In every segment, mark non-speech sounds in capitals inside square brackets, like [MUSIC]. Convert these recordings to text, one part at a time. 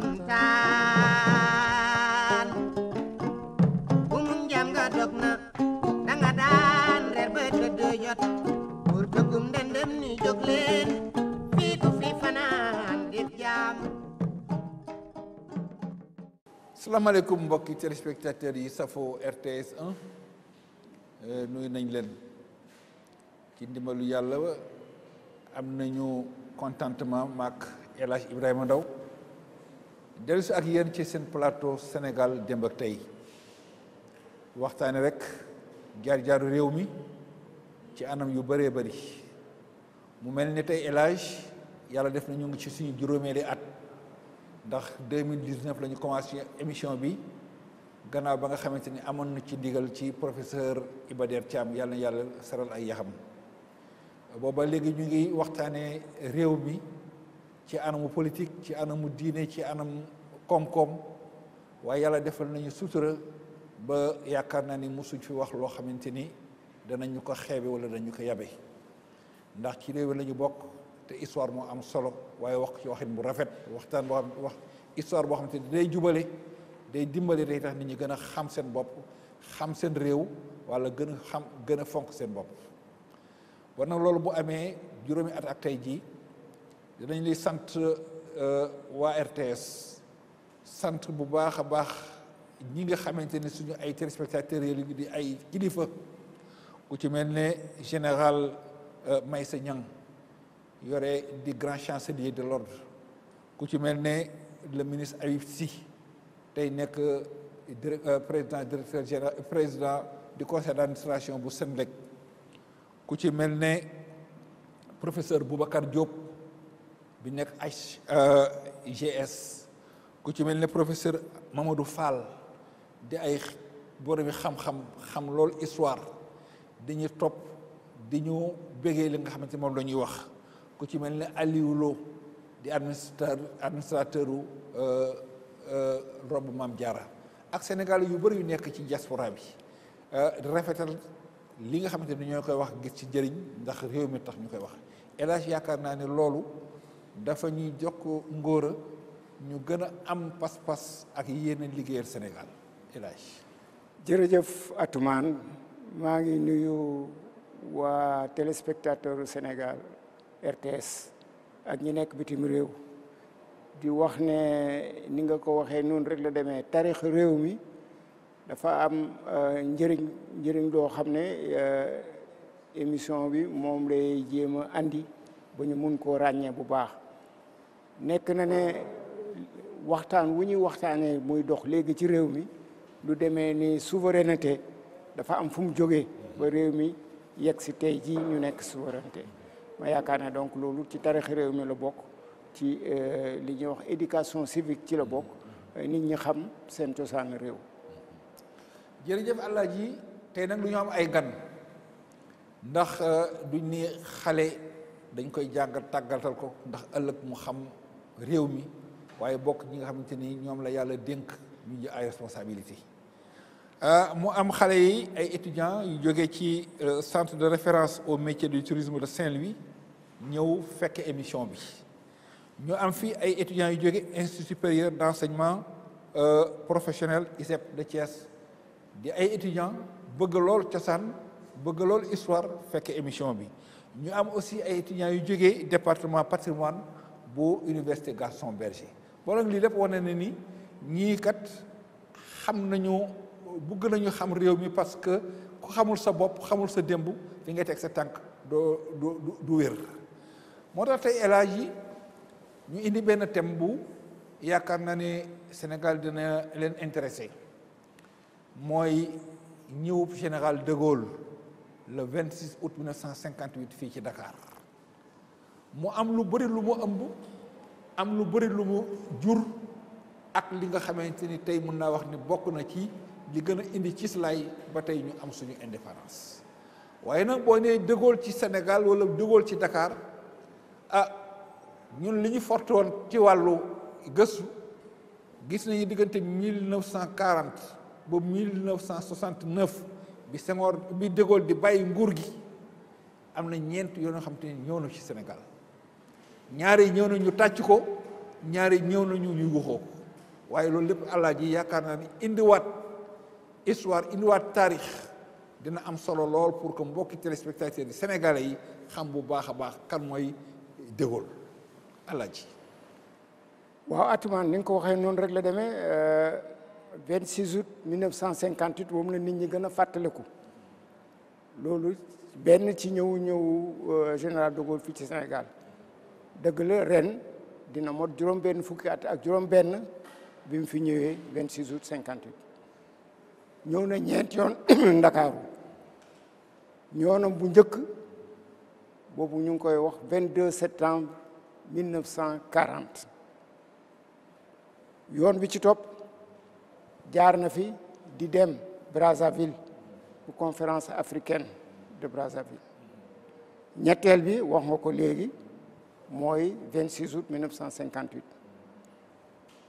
koncan Umum jam gadokna Nangadan rer bededeyot dendem ni Fiku fifanan jam yi safo RTS 1 eh? eh, nuyu nañ leen ci ndimbalu yàlla am nañu contentement maak El Ibrahima Ndaw dellu si ak yéen ci seen plateau Sénégal démb ak tey waxtaane rek jaar-jaaru réew mi ci anam yu bëree bari mu mel ni tey El yàlla def na ñu ngi ci suñu juróomeeli at ndax 2019 la ñu commencé émission bi gannaaw ba nga xamante ni amoon na ci ndigal ci professeur Iba Der Thiam yàlla na yàlla saral ay yaxam booba léegi ñu ngi waxtaanee réew mi ci anamu politique ci anamu diine ci anam koom-koom waaye yàlla defal nañu sutura ba yaakaar naa ni musuñ fi wax loo xamante ni danañu ko xeebe wala dañu ko yabe ndax ci réew la nañu bokk te histoire moo am solo waaye wax ci waxin mu rafet waxtaan boo xam wax histoire boo xamante ni day jubale day dimbali day tax ni ñu gën a xam seen bopp xam seen réew walla gën xam gën a fonk seen bopp war loolu bu amee juróomi at ak tey jii dinañ lay sant euh, wa RTS sant bu baax a baax ñi nga xamante ne suñu ay téléspectateurs yi di ay kilifa ku ci mel ne général euh, Meissa Niang yore di grand chancelier de l'ordre ku ci mel ne le ministre Habib Sy tey nekk euh, président directeur général président du conseil d'administration bu Senelec ku ci mel ne professeur Boubacar Diop bi nekk euh, gs ku ci mel ni professeur Mamadou Fall di ay boromi xam-xam xam lool histoire dañuy topp di ñu bégee li nga xamante moom la wax ku ci mel ne Aliou di administrateur administrateur u euh, euh, rob Maam Jaara ak Sénégal yu bëri yu nekk ci diaspora bi di rafetal li nga xamante ni ñoo koy wax gis ci njëriñ ndax réew mi tax ñu koy wax El yaakaar naa ne loolu dafa ñuy jokk ngóora ñu am pas-pas ak yéene liggéeyal Sénégal Elage jërëjëf Atoumane maa ngi nuyu wa téléspectateur senegal RTS ak ñi nekk bitim réew di wax ne ni nga ko waxee noonu rek la demee taarix réew mi dafa am euh, njëriñ njëriñ loo xam euh, émission bi moom lay andi ba ñu mun koo bu baax nekk na ne waxtaan wu ñuy waxtaanee muy dox léegi ci réew mi lu demee ni souveraineté dafa am fu mu jógee ba réew mi yegg si tey jii ñu nekk souveraineté ma yaakaar na donc loolu ci tarix réew mi la bokk ci euh, li ñuy wax éducation civique ci la bokk euh, nit ñi xam seen cosaan réew. jërëjëf ji te nag lu ñu am ay gan ndax euh, duñ ni xale dañ koy jàngal tàggatal ko ndax ëllëg mu xam. réew mi waaye bokk ñi nga xamante ni ñoom la yàlla dénk ñu jël ay responsabilité euh, mu am xale yi ay étudiants yu jógee ci euh, centre de référence au métier du tourisme de Saint-Louis ñëw fekk émission bi ñu am fi ay étudiants yu jóge institut supérieur d'enseignement euh, professionnel ISEP de Thiès di ay étudiants bëgg lool cosaan bëgg lool histoire fekk émission bi ñu am aussi ay étudiants yu jógee département patrimoine bu université Gaston Berger bon li lepp lépp ni ñi kat xam nañu bëgg nañu xam réew mi parce que ku xamul sa bop xamul sa dembu fi nga tek sa tank do do du wér motax tay tey élage yi ñu indi ben tembu bu yaakaar naa Sénégal dina leen intéressé moy ñëwub général de Gaulle le 26 août 1958 fi ci Dakar mu am lu bëri lu mu ëmb am lu bëri lu mu jur ak li nga xamante ni tey mën naa wax ni bokk na ci li gën a indi cislaay ba tey ñu am suñu indépendance waaye nag boo nee De ci Sénégal wala De ci Dakar ah ñun li ñu forte woon ci wàllu gëstu gis nañu diggante 1940 ba 1969 bi Senghor bi De Gaulle di bàyyi nguur gi am na ñeent yoo xam te ni ñëw ci Sénégal ñaari ñëw nañu tàcc ko ñaari ñëw nañu ñu yuuxoo waaye loolu lépp allah ji yaakaar naa ni indiwaat histoire indiwaat taarix dina am solo lool pour que mbokki téléspectateurs yi sénégalais yi xam bu baax a baax kan mooy De Gaulle allah ji waaw atumaan ni nga ko waxee noonu rek la demee 26 euh, août 1958 moom la nit ñi gën a fàttaliku loolu benn ci ñëw ñëw euh, général de Gaulle fii ci Sénégal dëgg Rennes, ren dina mot à Ben, fukki at ak juróom-benn fi 26 août 58 Nous na ñeent yoon [COUGHS] ndakaaru Nous bu njëkk boobu ñu 22 septembre 1940 Nous bi ci topp jaar na fi di dem Brazzaville conférence africaine de Brazzaville ñetteel bi wax nga ko léegi moy 26 août 1958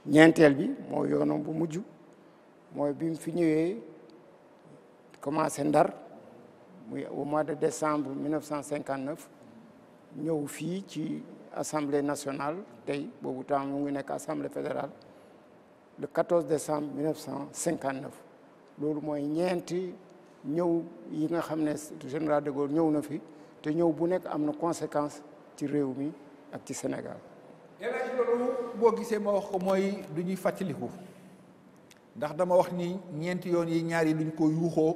ñentel bi moy yonom bu mujju moy bi fi ñëwee commencé ndar muy au mois de décembre 1959 ñëw fi ci assemblée nationale tay bobu temps ngi nek assemblée fédérale le 14 décembre 1959 loolu moy ñeenti ñëw yi nga xamné général de Gaulle ñëw na fi té ñëw bu nek amna conséquences conséquence ci réew mi. ak ci Sénégal neena loolu boo gisee ma wax ko mooy du ñuy fàttaliku ndax dama wax ni ñeenti yoon yi ñaar yi duñ ko yuuxoo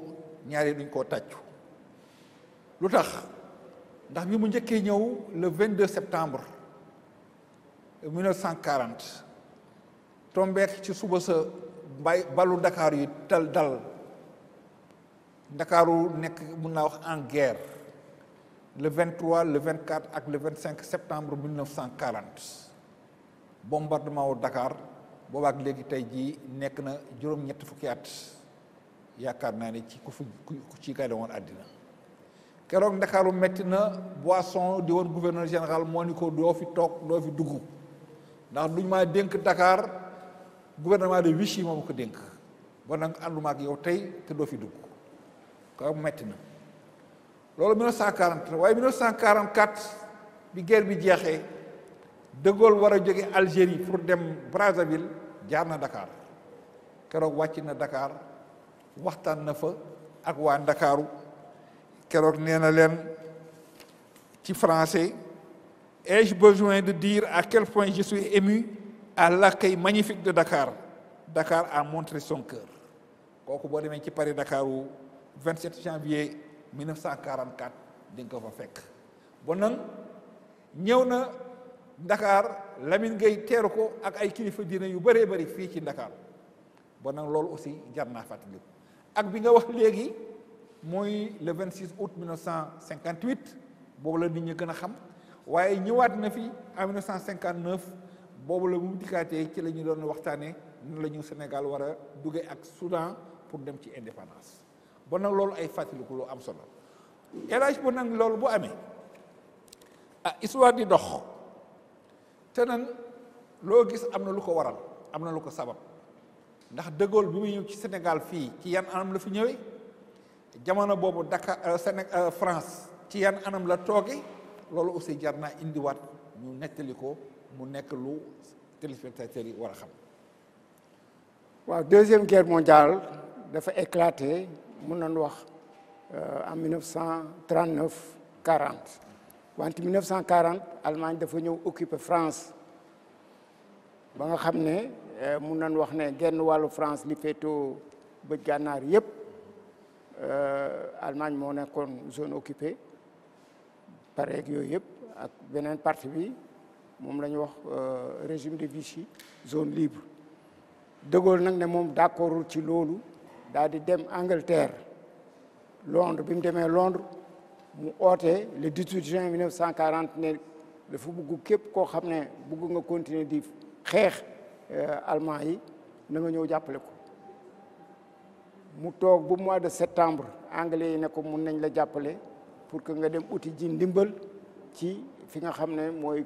ñaar yi koo tàccu lu tax ndax bi mu njëkkee ñëw le 22 septembre 1940 tombeek ci suba sa mbay balu Dakar yi tal dal Ndakaaru nekk mun naa wax en guerre le 23 le 24 et le 25 septembre 1940 bombardement au Dakar Bobak léegi tey Nekna, nekk na juróom-ñett fukki at yaakaar naa ne ci ku fi ku ci gaale woon àddina keroog metti na Boisson di gouverneur général moo Dofi Tok Dofi fi toog doo fi dugg ndax duñ Dakar gouvernement de Vichy moom ko Bonang bon nag ànduma ak yow tey te doo fi dugg kaw metti na loolu 1943 waaye 1944 bi guerre bi jeexee de Gaulle war Algérie pour dem Brazzaville jaar na Dakar keroog wàcc na Dakar waxtaan na fa ak waa Ndakaaru keroog nee na ci français ai-je besoin de dire à quel point je suis ému à l'accueil magnifique de Dakar Dakar a montré son cœur kooku boo demee ci Paris Dakar le 27 janvier 1944 di nga ko fa fekk bon nag ñëw na ndakaar Lamine Gueye teeru ko ak ay kilifa diine yu bëree bëri fii ci Dakar bon nag loolu aussi jar naa fàttaliku ak bi nga wax léegi mooy le 26 août 1958 boobu la nit ñi gën a xam waaye ñëwaat na fi en 1959 boobu la mu dikkaatee ci la ñu doon waxtaanee nan la ñu Sénégal war a duggee ak Soudan pour dem ci indépendance. bon nag loolu ay fàttaliku lu am solo élage bu nag loolu bu amee ah histoire di dox te nag loo gis am na lu ko waral am na lu ko sabab ndax de bi muy ñëw ci Sénégal fii ci yan anam la fi ñëwee jamono boobu Dakar euh, Séné euh, France ci yan anam la tooge loolu aussi jar naa indiwaat ñu nettali ko mu nekk lu téléspectateurs yi war a xam waa deuxième guerre mondiale dafa éclaté mun nañ wax euh, en 1939 40 Quand 1940 l'Allemagne dafa ñëw occuper France ba nga xam ne euh, mun nañ France li féetoo bëj gànnaar yëpp euh, Allemagne moo nekkoon zone occupée pareeg yooyu Et ak beneen partie bi régime de Vichy zone libre de Gaulle nag ne moom d'accordul ci daal di dem Angleterre Londres bi mu demee Londres mu oote le 18 juin 1940 ne dafa bugg képp koo xam ne bugg nga continuer di xeex euh, allemand yi na nga ñëw jàppale ko mu toog bu mois de septembre anglais yi ne ko mun nañ la jàppale pour que nga dem uti ji ndimbal ci fi nga xam ne mooy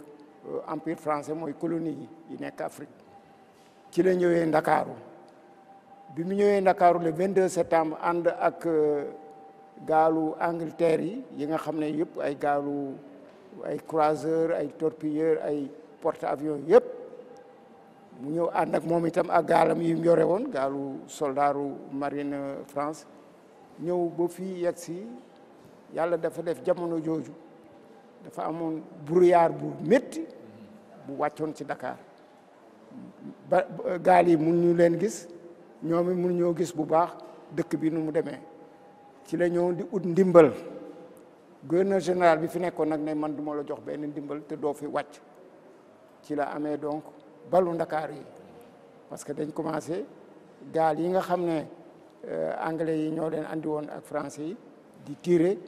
euh, empire français mooy colonie yi yi nekk Afrique ci la ñëwee Ndakaaru bi mu ñëwee ndakaarule vingt 22 septembre ànd ak euh, gaalu Angleterre yi yi nga xam ne yëpp ay gaalu ay croiseur ay torpilleur ay porte avions yëpp mu ñëw ànd ak moom itam ak gaalam yi mu woon gaalu soldaaru marine euh, France ñëw ba fii yegg si yàlla dafa def jamono jooju dafa amoon brouillard bu métti bu wàccoon ci Dakar ba gaal yi mun ñu leen gis ñoom it mënu ñoo gis bu baax dëkk bi nu mu demee ci la ñëw di ut ndimbal gouverneur général bi fi nekkoon nag ne man duma la jox benn ndimbal te doo fi wàcc ci la amee donc balu ndakaar yi parce que dañ commencé gaal yi nga xam ne euh, anglais yi ñoo leen andi ak français yi di tiire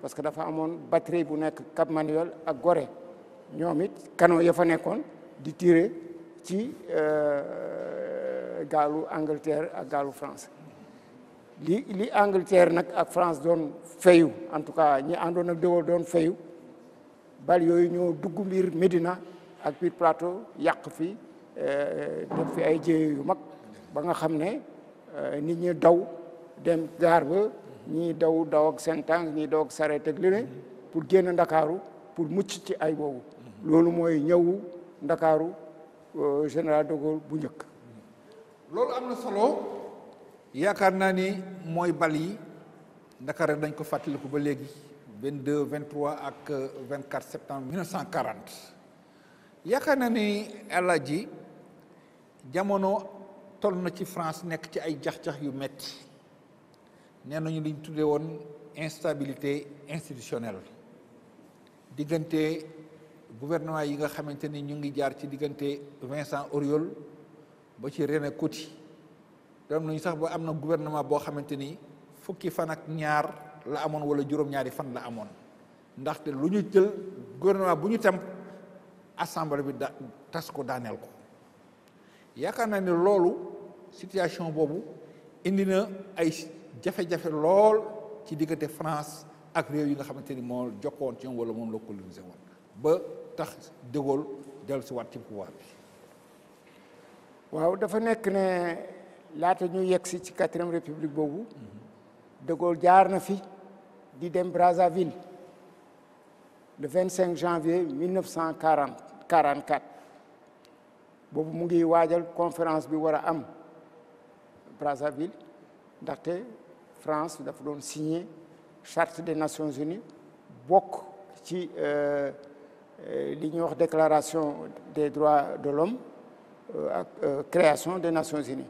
parce que dafa amoon batterie bu nekk Cap Manuel ak gore ñoom it canon ya fa nekkoon di tiire ci euh, gaalu Angleterre ak gaalu France li li Angleterre nag ak France doon fayu en tout cas ñi àndoon ak De doon fayu bal yooyu ñoo dugg mbir Médina ak biir plateau yàq fi euh, def fi ay jéye yu mag ba nga xam ne euh, nit ñi daw dem gaar ba daw daw ak seen tànk sare daw ak sareet ak pour génn ndakaaru pour mucc ci ay boobu mm-hmm. loolu mooy ñëwu ndakaaru euh, général de Gaulle bu njëkk loolu am na solo yaakaar naa ni mooy bal yi Ndakaaru dañ ko fàttaliku ba léegi 22 23 ak 24 euh, septembre 1940 yaakaar naa ni Alaaji jamono toll na ci France nekk ci ay jax-jax yu metti nee nañu liñ tuddee woon instabilité institutionnelle diggante gouvernement yi nga xamante ni ñu ngi jaar ci diggante Vincent Auriol ba ci René Coty dem nañu sax ba am na gouvernement boo xamante ni fukki fan ak ñaar la amoon wala juróom-ñaari fan la amoon ndaxte lu ñu jël gouvernement bu ñu tam assemblée bi da tas ko daaneel ko yaakaar naa ne loolu situation boobu indi na ay jafe-jafe lool ci diggante France ak réew yi nga xamante ni moo jokkoon ci ñoom wala moom la colonisé woon ba tax De Gaulle dellu si waat ci pouvoir waaw dafa que ne laata ñu yegg si 4 quatrième république de Gaulle jaar na fi di Brazzaville le 25 janvier 1944. 44 boobu mu ngi conférence bi war am Brazzaville France dafa doon signé charte des Nations Unies bokk ci euh, euh, li déclaration des droits de l'homme euh, ak euh, création des Nations Unies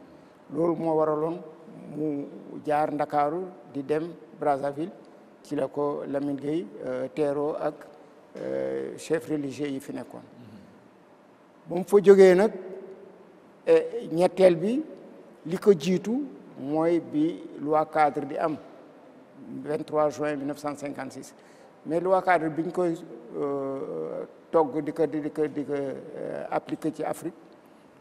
loolu mo waralon mu jaar Ndakaaru di dem Brazzaville ci la ko Lamine Gueye euh, téro ak chef religieux yi fi nekkoon ba mu fa jógee nag e, ñetteel bi liko jitu moy bi loi cadre di am 23 juin 1956 mais loi cadre biñ koy togg di ko di ko di ko appliqué ci Afrique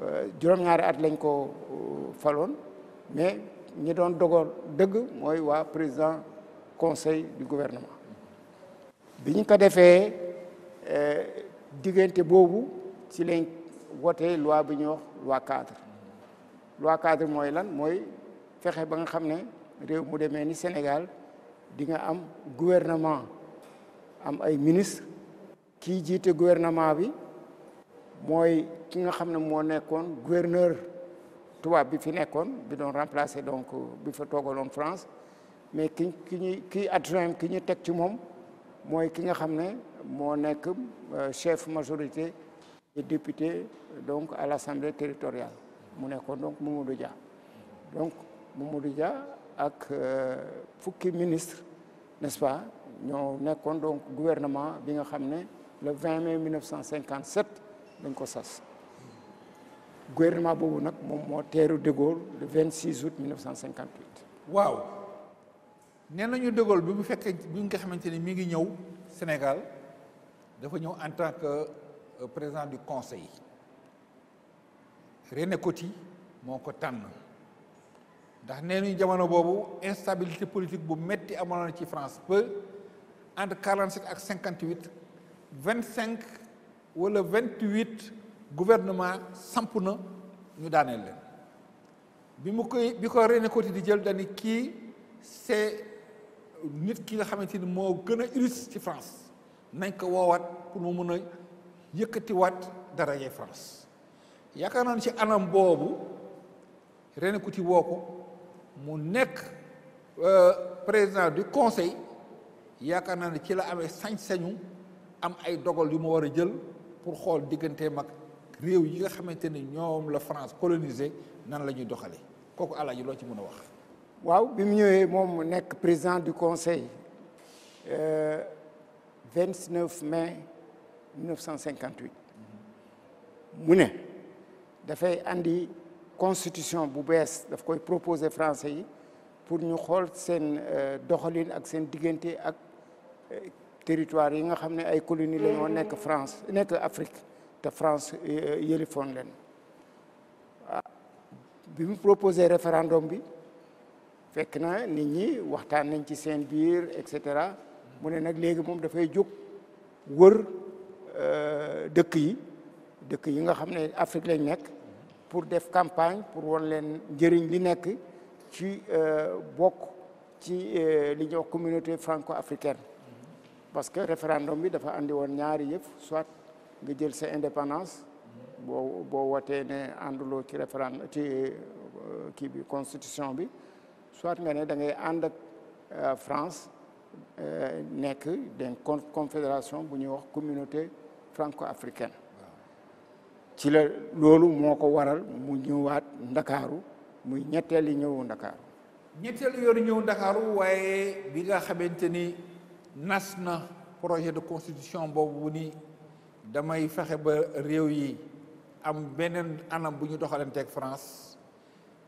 Euh, juróom-ñaari at lañ ko euh, faloon mais ñi doon dogool dëgg mooy waa président conseil du gouvernement bi ñu ko defee euh, diggante boobu ci lañ wotee loi bi ñuy wax loi cadre loi cadre mooy lan mooy fexe ba nga xam ne réew mu demee ni Sénégal di nga am gouvernement am ay ministre kii jiite gouvernement bi mooy ki nga xam ne moo gouverneur tubaab bi fi nekkoon bi doon remplacé donc bi fa toogaloon France mais ki ki ñu kii adjoint ki ñu teg ci moom mooy ki nga xam ne moo nekk euh, chef majorité et député donc à l'assemblée territoriale mu nekkoon donc Mamadou Dia donc Mamadou Dia ak euh, fukki ministre n'est-ce pas ñoo nekkoon donc gouvernement bi nga xam le 20 mai 1957 dañ ko sas gouvernement Bobo, nag moom moo de Gaulle le 26 août 1958. waaw nee nañu de Gaulle bi bu fekkee bi mi ngi Sénégal dafa en tant que euh, président du conseil René Coty mon ko Dans ndax nee nañu jamono bobu instabilité politique bu metti à ci France peu entre quarante et ak 58 ou wala gouvernement samp na ñu daaneel leen bi mu koy bi ko René Coty di jël dani kii c'est nit ki nga xamante ni moo gën a urus ci France nañ ko woowaat pour mu mën a yëkkatiwaat dara yee France yaakaar naa ne ci anam boobu René Coty woo ko mu nekk euh, président du conseil yaakaar naa ni ci la amee sañ-sañu am ay dogal yu mu war a jël pour xool digganteem mag réew yi nga xamante ni ñoom la France colonisé nan la ñuy doxalee kooku Alaaji loo ci mën a wax. waaw bi mu ñëwee moom nekk président du conseil 29 euh, mai 1958 mu ne dafay andi constitution bu bees daf koy proposer français yi pour ñu xool seen euh, doxalin ak seen diggante ak euh, territoire yi nga xam ne ay colonies la ñoo nekk France nekk Afrique de France euh, y len ah, bi mu proposé référendum bi fekk na nit ñi waxtaan nañ ci seen biir et cetera mu ne nag léegi moom dafay jóg wër euh, dëkk nga pour def campagne pour won leen li euh, communauté franco-africaine parce que référendum bi andi soit nga jël sa indépendance boo boo euh, constitution bi soit nga ne da euh, France euh, nekk den confédération bu ñuy wax communauté franco-africaine ci la loolu moo ko waral mu ñëwaat ndakaaru muy projet de constitution damay fexe ba réew yi am beneen anam bu ñu doxalanteeg France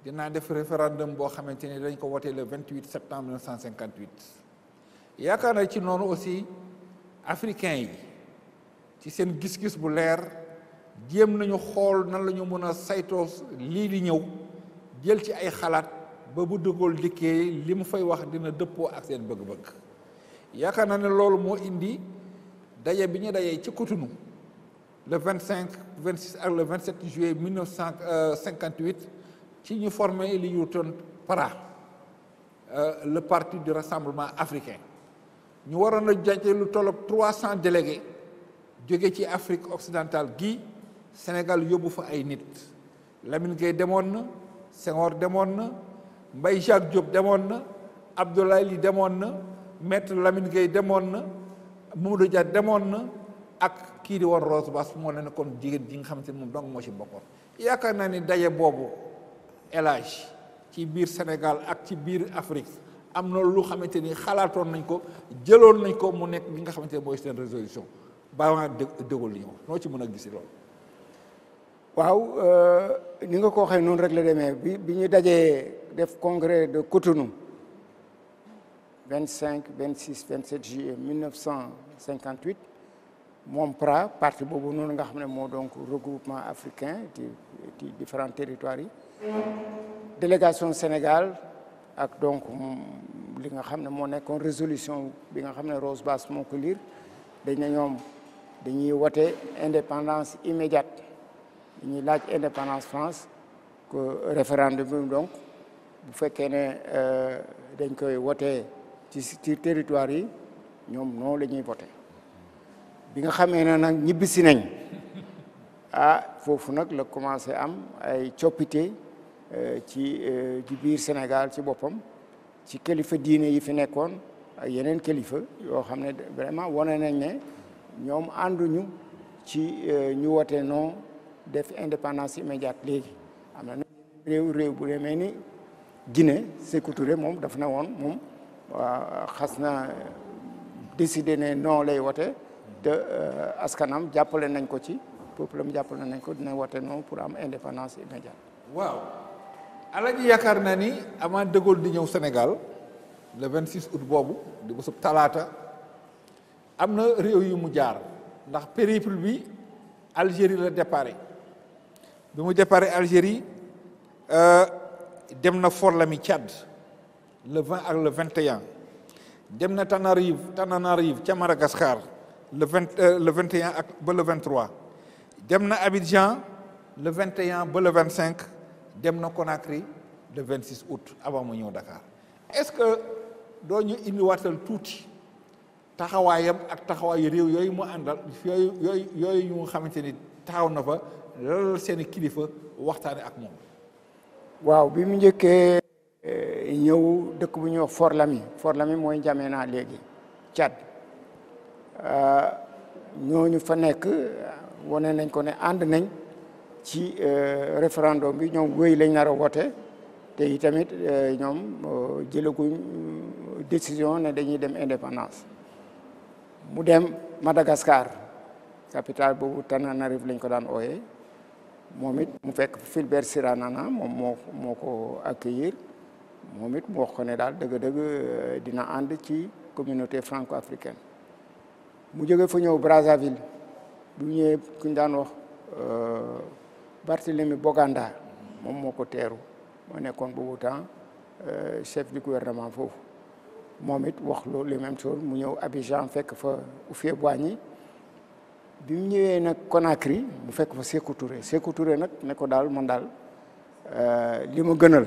dinaa def référendum boo xamante ni dañ ko wotee le 28 septembre 1958 yaakaar na ci noonu aussi africain yi ci seen gis-gis bu leer jéem nañu xool nan la mën a saytoo lii di ñëw jël ci ay xalaat ba bu dëggool dikkee li mu fay wax dina dëppoo ak seen bëgg-bëgg yaakaar na ne loolu moo indi daje bi ñu ci le 25 26 ak le 27 juillet 1958 euh, ci ñu formé li PARA euh, le parti du rassemblement africain ñu warona a lu 300 délégués de ci Afrique occidentale gi Sénégal yobu fa ay nit Lamine Gueye Demone, Senghor Demone, Mbaye Jacques Diop Demone, Abdoulaye Li Demone, maître Lamine Gueye Demone, Mamadou Dia demoon na ak kii di woon Rose Bass moo leen kon jigéen ji nga xam te moom dong moo ci bokkoon yaakaar naa ni daje boobu élage ci biir Sénégal ak ci biir Afrique am na lu xamante ni xalaatoon nañ ko jëloon nañ ko mu nekk li nga xamante ne mooy seen résolution baa dé dégul li ñu noo ci mën a gisi loolu waaw euh, ni nga ko waxee noonu rek la demee bi bi ñu dajee def congrès de Cotonou 25 26 27 juillet 1958 mon PRA, parti boobu noonu donc regroupement africain des différents territoires délégation Sénégal ak donc li nga une résolution bi nga ne Rose Bass moo ko liir indépendance immédiate nous avons indépendance France que référendum donc bu faites ne euh, dañ koy ci ci territoire yi ñoom noonu la ñuy bi nga xamé ne nag ñibbisi nañ ah fofu nak la commencé am ay coppite euh, ci euh, ci bir Sénégal ci bopam ci kilifa diine yi fi nekkoon ay yeneen kilifa yo xamné vraiment woné nañ né ñom anduñu ci euh, ñu wote non def indépendance immédiate léegi amna na réew réew bu demee ni Guinée Sékou Touré moom daf na won mom waaw xas na décidé ne non lay wote euh, askanam jàppale nañ ko ci peuple am jàppale nañ ko dina wote non pour am indépendance immédiate waaw Alaaji yaakaar na ni avant de di ñëw Sénégal le 26 août boobu di bésub talaata am na réew yu mu jaar ndax périple bi Algérie la déparé bi mu déparé Algérie euh, dem na Fort Lami Tchad le 20 ak le 21 dem na Tanarive Tananarive ci Madagascar le euh, le 21 ak ba le 23 dem Abidjan le 21 ba le 25 dem na Conakry le 26 août avant mon Dakar est-ce que do ñu indiwaatal tuuti taxawayam ak taxaway réew yoy mu andal yoy yoy yooyu ñu xamanteni xamante ni taxaw na fa lan la seen i kilifa waxtaane ak mom waaw bi mu ñëkke Eh, ñëw dëkk bu ñuy wax Fort Lami Fort Lami mooy N'Djamena léegi Tchad eh, ñooñu fa nekk wane nañ ko ne ànd nañ ci eh, référendum bi ñoom wéy lañ nar a woote te itamit ñoom jëlaguñ décision ne dañuy dem indépendance mu dem Madagascar capitale boobu Tananarive lañ ko daan ooyee moom it mu fekk Fulbert Sirana moom moo ko accueillir momit mo mu wax ko ne daal dëgg euh, dina and ci communauté franco-africaine mu jóge fa ñew Brazzaville bu ñew ku ñu wax euh Barthélemy Boganda mom moko ko mo nekkon bu boobu temps euh, chef du gouvernement fofu momit wax lo les même choses mu ñew Abidjan fekk fa Houphouët-Boigny bi mu ñewé nak Conakry mu fekk fa Sékou Touré Sékou Touré nak ne ko daal man daal euh, li ma gënal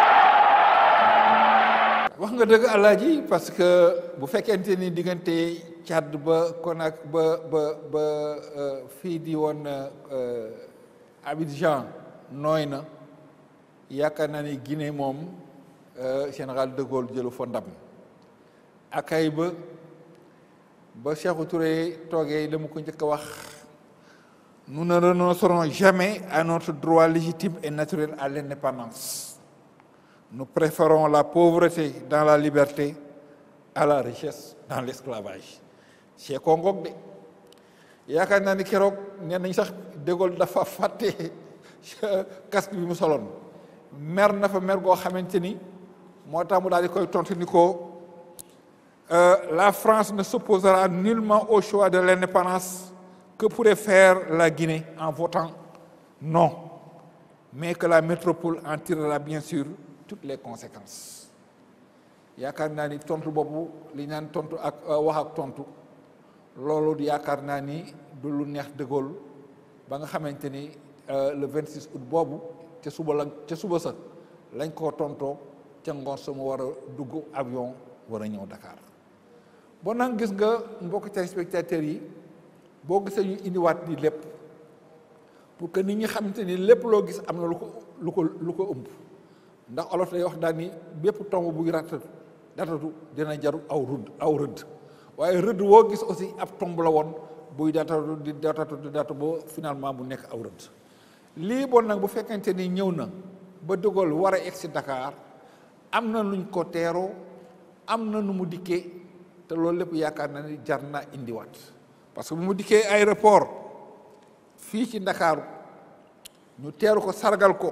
wax nga dëgg alaaji parce que bu fekkente ni diggante Tchad ba Konak ba ba ba euh, fii di woon euh, Abidjan nooy na yaakaar naa ni Guinée moom euh, général de Gaulle jëlu fa ndam akay ba ba Sékou Touré toogee dama ko njëkk a wax nous ne renoncerons jamais à notre droit légitime et naturel à l'indépendance nous préférons la pauvreté dans la liberté à la richesse dans l'esclavage c'est Congo, il y a casque na euh, la France ne s'opposera nullement au choix de l'indépendance que pourrait faire la Guinée en votant non mais que la métropole en tirera bien sûr toutes les conséquences yaakaar ni tontu bobu li ñaan tontu ak euh, wax ak tontu lolu yaakaar naa ni du lu neex de Gaulle ba nga xamanteni euh, le 26 août bobu ca suba la ca suba sa lañ ko tonto ca ngor sa mu war dugg avion wara a Dakar bo nang gis nga mbokk spectateur yi bo gisee ñu indi wat di lepp pour que nit ñi xamanteni lepp lo gis amna lu ko lu ko lu ko ëmb. ndax olof lay wax daal ni bépp tomb buy ratatu datatu dina jaru aw rëdd aw rëdd waaye rëdd woo gis aussi ab tomb la woon buy datatu di datatu di datu ba finalement mu nekk aw rëdd lii bon nag bu fekkente ni ñëw na ba dogal war a egsi Dakar am na luñ ko teeroo am na nu mu dikkee te loolu lépp yaakaar na ni jar naa indiwaat parce que bu mu dikkee aéroport fii ci ñu teeru ko sargal ko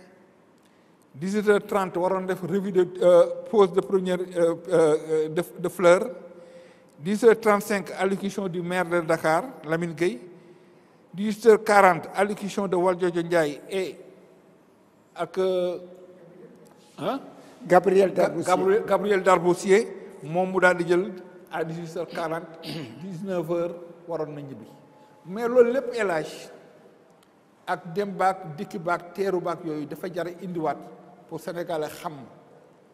18h30, waron revue de euh, pause de fleurs. Euh, euh, de, h 35 allocution du maire de Dakar, Lamine Gay. 18h40, allocution de Waljo Ndiaye et hein? Gabriel Darboussier. Gabriel à 18h40, 19h, waron Mais le LPLH, avec Dembak, Dikibak, Terubak, il faut des une pour sénégalais xam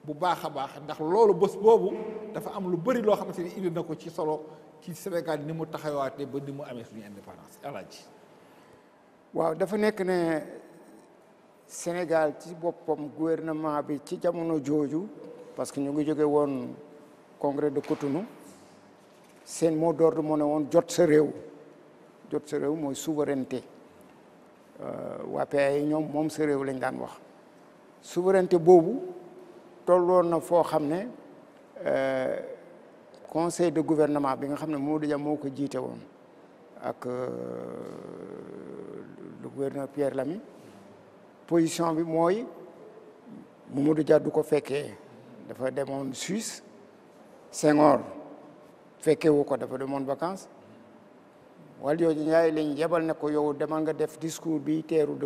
bu baax a baax ndax loolu bés boobu dafa am lu bëri loo xamante ni indi na ko ci solo ci Sénégal ni mu taxawaatee ba ni mu amee suñu indépendance alaaji waaw dafa nekk ne Sénégal ci boppam gouvernement bi ci jamono jooju parce que ñu ngi jóge woon congrès de Cotonou seen mot d'ordre moo ne woon jot sa réew jot sa réew mooy souveraineté euh, waa PAI ñoom moom sa réew lañ daan wax souveraineté bobu tolloon fo xamné euh conseil de gouvernement bi nga xamné ne Mamadou Dia moo ko jiite ak euh, le gouverneur Pierre Lamy position bi moy Mamadou Dia duko ko dafa démon Suisse Senghor féké woko dafa démon vacances yo ñay lañ yebal ne ko yow demal nga def discours bi téru De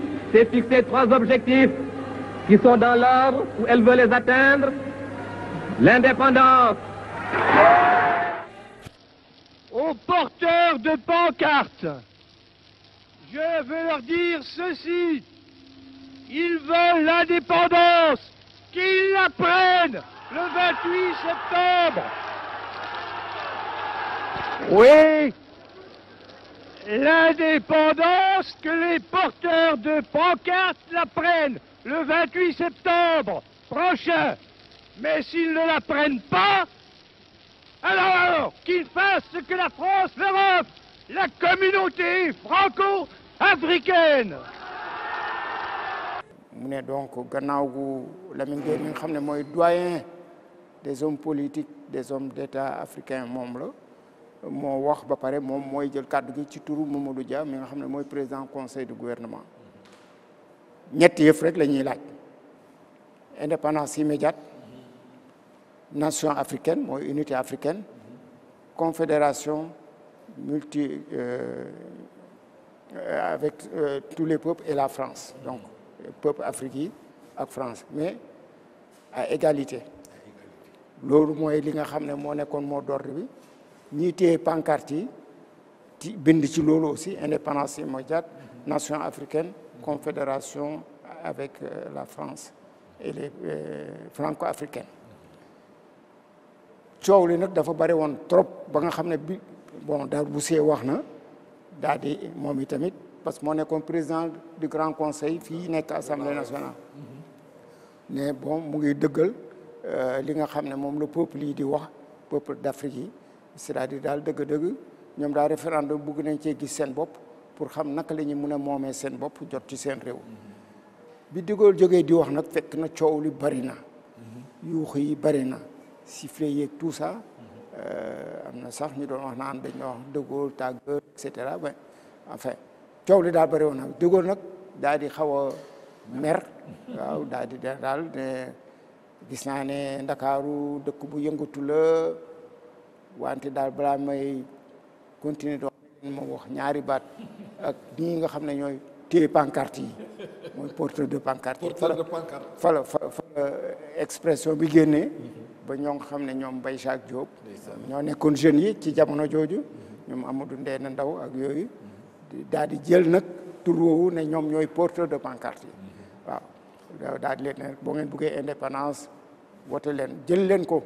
C'est fixé trois objectifs qui sont dans l'ordre où elle veut les atteindre. L'indépendance. Aux porteurs de pancartes, je veux leur dire ceci. Ils veulent l'indépendance. Qu'ils la prennent le 28 septembre. Oui, L'indépendance, que les porteurs de pancartes la prennent le 28 septembre prochain. Mais s'ils ne la prennent pas, alors, qu'ils fassent ce que la France leur offre, la communauté franco-africaine. Nous donc au des hommes politiques des hommes d'État africains membres. Mon wax ba paré mom moy jël kàddu gi ci turu Mamadou Dia mi nga xamné moy président conseil du gouvernement ñett yef rek lañuy laaj indépendance immédiate nation africaine moy unité africaine confédération multi euh, euh, avec euh, tous les peuples et la France donc peuple africain yi France mais à égalité lolu moy li nga xamné mo moo mo moo bi nous téye pancarte yi ci nous ci aussi indépendance immédiate nation africaine confédération avec euh, la France et les euh, franco africains coow li nag dafa bari woon trop ba nga xam bi bon daal bu na daal di parce que moo comme président du grand conseil fi nekk assemblée nationale Né bon mu ngi dëggal euh, li nga xam ne le peuple yi di peuple d'Afrique c'est-à-dire daal dëgg-dëgg ñoom daal référendum bugg nañ cee gis seen bopp pour xam naka lañuy ñu mën a moomee seen bopp jot ci seen réew bi De Gaulle di wax nag fekk na coow li bari na yuux yi bari na sifflet yeeg tout ça euh, am na sax ñu doon wax naan dañ la wax De Gaulle tàgg et cetera li daal bari woon na nag daal di xaw a mer waaw daal di daal gis naa ne Ndakaaru dëkk bu yëngatu la wante daal balaa may continuer doo ma wax ñaari baat ak ñi nga xam ne ñooy téye pancarte yi mooy porteur de pancarte yi fala fala expression bi génne ba ñoo xam ne ñoom Baye Jacques Diop ñoo nekkoon jeunes yi ci jamono jooju ñoom Amadou Ndeena Ndaw ak yooyu daal di jël nag tur woowu ne ñoom ñooy porteur de pancarte yi mhm. waaw daal di leen ne boo ngeen bëggee indépendance wote leen jël leen ko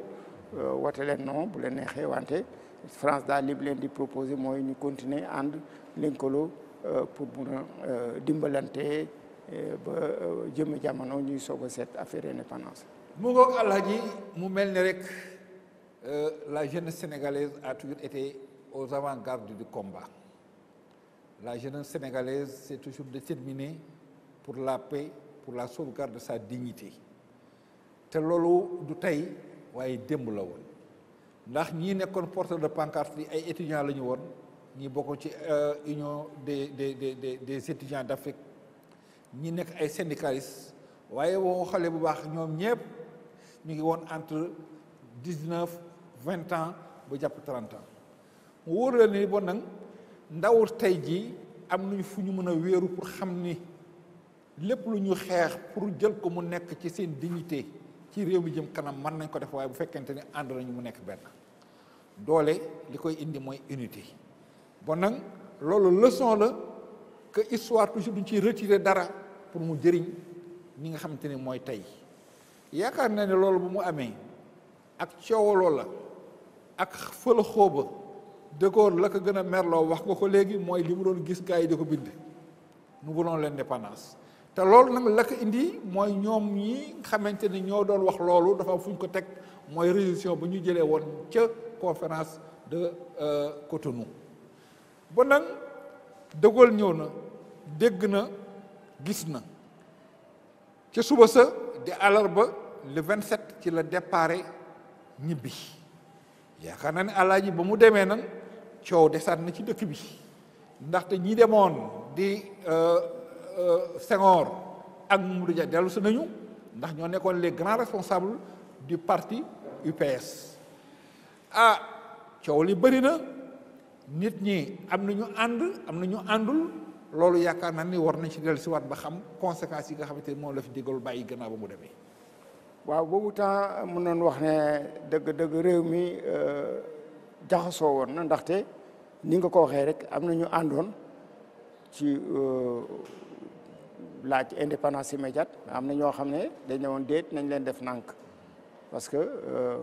Euh, wote len non bu leen neexee wante France da li bu leen di proposé mooy ñu continuer euh, pour mun a euh, dimbalante ba jëm jamono ñuy affaire indépendance. mu ngoog Alhaji mu melni rek la jeunesse sénégalaise a toujours été aux avant-gardes du combat la jeunesse sénégalaise s'est toujours déterminée pour la paix pour la sauvegarde de sa dignité te lolu du tay waaye démb la woon ndax ñii nekkoon porteur de pancarte yi ay étudiants la ñu woon ñi bokkoon ci euh, union des des des des étudiants d'Afrique ñi nekk ay syndicalistes waaye woo xale bu baax ñoom ñëpp ñu ngi woon entre dix-neuf vingt ans ba jàpp trente ans mu wóor la bon nag ndawut tey jii am nañu fu ñu mën a wéeru pour xam ni lépp lu ñu xeex pour jël ko mu nekk ci seen dignité ci réew mi jëm kanam mën nañ ko def waaye bu fekkente ni ànd nañu mu nekk benn doole li koy indi mooy unité bon nag loolu leçon la que histoire toujours duñ ciy retirer dara pour mu jëriñ ñi nga xamante ne mooy tey yaakaar na ne loolu bu mu amee ak coowaloo la ak fëla xóoba dëggoon la ko gën a merloo wax nga ko léegi mooy li mu doon gis gars yi di ko bind nous leen l'indépendance te loolu nag la ko indi mooy ñoom ñi xamante ni ñoo doon wax loolu dafa am fu ñu ko teg mooy résolution bu ñu jëlee woon ca conférence de euh, Cotonou bon nag De ñëw na dégg na gis na ca suba sa di àllarba le 27 ci la départ ñibbi yaakaar naa ne alaaji ba mu demee nag coow desaat na ci dëkk bi ndaxte ñi demoon di. Euh, Euh, Senghor ak Mamadou Dia dellu si nañu ndax ñoo nekkoon les grands responsables du parti UPS ah coow li bëri na nit ñi am na ñu ànd am na ñu àndul loolu yaakaar naa ni war nañ ci dellu si ba xam conséquence yi nga xamante ni moom la fi digal bàyyi gannaaw ba mu demee. waaw boobu temps mun nañu wax ne dëgg-dëgg réew mi euh, jaxasoo woon na ndaxte ni nga ko waxee rek am na ñu àndoon euh, laaj indépendance immédiate am na ñoo xam ne dañ ne woon nañ leen def nànk parce que euh,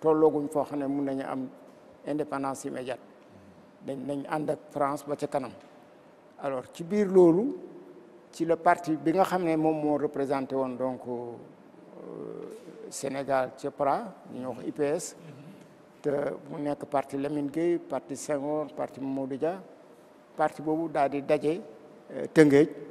tollooguñ foo xam ne mun nañu am indépendance immédiate dañ nañ ànd ak France ba ca kanam alors ci biir loolu ci le partie bi nga xam ne moom moo représenté woon donc euh, Sénégal ca PRA ñu ñuy wax IPS te mu nekk parti Lamine partie parti Senghor parti Mamadou Dia parti boobu daal di daje euh, Tëngéej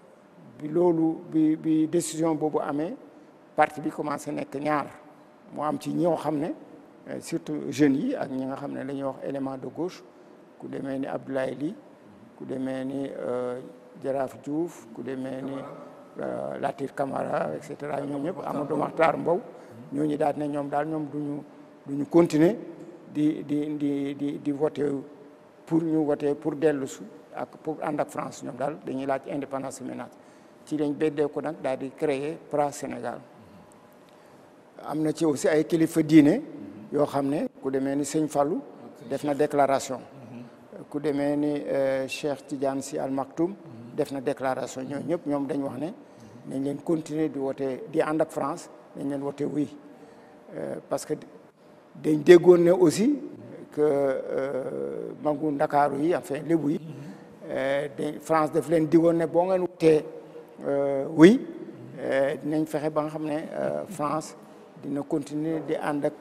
lolu bi bi décision bobu amé parti bi commencé nek ñaar mo am ci ñoo xamné euh, surtout jeunes yi ak ñi nga xam ne wax élément de gauche ku demee ni Abdoulaye Ly ku demee ni euh, Jaraaf Diouf ku demee ni euh, Latif Camara et cetera ñoom ñëpp Amadou Mahtar Mbow ñi daal né ñom daal ñom duñu duñu continuer di di di di di voter pour ñu voter pour dellusi ak pour ànd ak France ñom daal dañuy laaj indépendance ménage ci lañ beddee ko nag daal di créer PRA Sénégal am ci aussi ay kilifa diine yo xam ne ku demee ni Sëñ Fallou def na déclaration ku demee ni euh, Cheikh Tidiane Sy Al Maktoum def na déclaration ñoo ñëpp ñoom dañ wax ne nañ leen continuer di voter. di ànd ak France nañ leen wote oui euh, parce que dañ déggoon aussi que euh, magu Ndakaaru yi enfin lébu yi France daf leen digoon ne boo ngeen wutee euh, oui euh, nous ferons ba euh, France dina continuer di andak